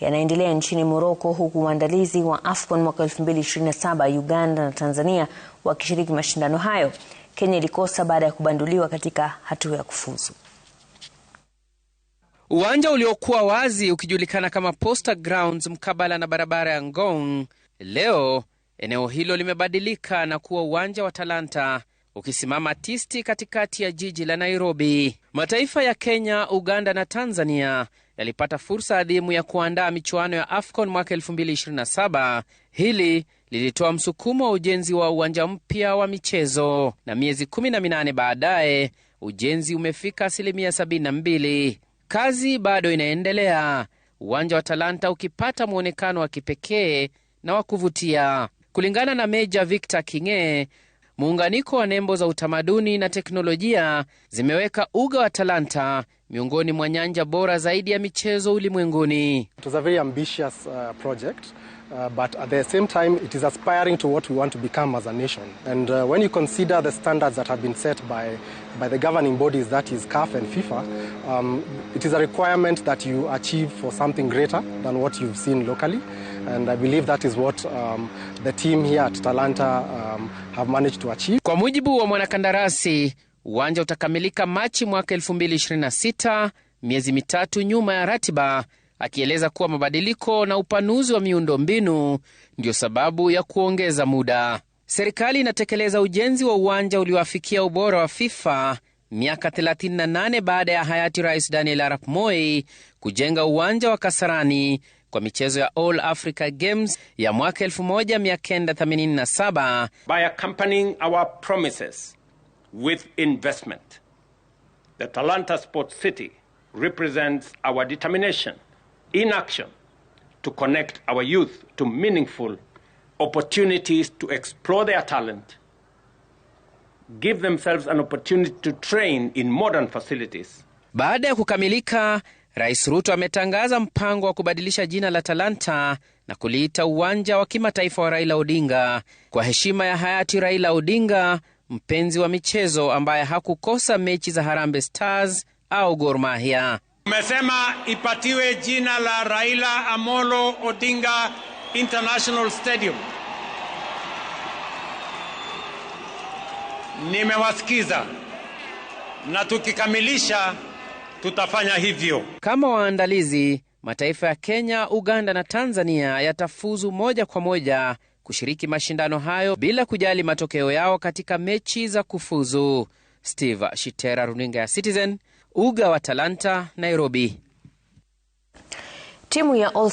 yanaendelea nchini Morocco huku waandalizi wa AFCON mwaka 2027 Uganda na Tanzania wakishiriki mashindano hayo. Kenya ilikosa baada ya kubanduliwa katika hatua ya kufuzu. Uwanja uliokuwa wazi ukijulikana kama Posta Grounds mkabala na barabara ya Ngong, leo eneo hilo limebadilika na kuwa uwanja wa Talanta ukisimama tisti katikati ya jiji la Nairobi. Mataifa ya Kenya, Uganda na Tanzania yalipata fursa adhimu ya kuandaa michuano ya AFCON mwaka 2027. Hili lilitoa msukumo wa ujenzi wa uwanja mpya wa michezo, na miezi 18 baadaye ujenzi umefika asilimia 72. Kazi bado inaendelea, uwanja wa Talanta ukipata mwonekano wa kipekee na wa kuvutia. Kulingana na Meja Victor King'e, Muunganiko wa nembo za utamaduni na teknolojia zimeweka uga wa talanta miongoni mwa nyanja bora zaidi ya michezo ulimwenguni. It was a very ambitious, uh, project. Uh, but at the same time, it is aspiring to what we want to become as a nation. And uh, when you consider the standards that have been set by, by the governing bodies, that is CAF and FIFA, um, it is a requirement that you achieve for something greater than what you've seen locally. And I believe that is what um, the team here at Talanta um, have managed to achieve. Kwa mujibu wa mwanakandarasi, uwanja utakamilika Machi mwaka 2026, miezi mitatu nyuma ya ratiba akieleza kuwa mabadiliko na upanuzi wa miundo mbinu ndio sababu ya kuongeza muda. Serikali inatekeleza ujenzi wa uwanja ulioafikia ubora wa FIFA miaka 38 baada ya hayati Rais Daniel Arap Moi kujenga uwanja wa Kasarani kwa michezo ya All Africa Games ya mwaka 1987 by accompanying our promises with investment. The Talanta Sports City represents our determination in action to connect our youth to meaningful opportunities to explore their talent, give themselves an opportunity to train in modern facilities. Baada ya kukamilika, Rais Ruto ametangaza mpango wa kubadilisha jina la Talanta na kuliita uwanja wa kimataifa wa Raila Odinga kwa heshima ya hayati Raila Odinga, mpenzi wa michezo ambaye hakukosa mechi za Harambee Stars au Gor Mahia. Umesema ipatiwe jina la Raila Amolo Odinga International Stadium. Nimewasikiza na tukikamilisha tutafanya hivyo. Kama waandalizi, mataifa ya Kenya, Uganda na Tanzania yatafuzu moja kwa moja kushiriki mashindano hayo bila kujali matokeo yao katika mechi za kufuzu. Steve Shitera, runinga ya Citizen Uga wa Talanta, Nairobi. Timu ya All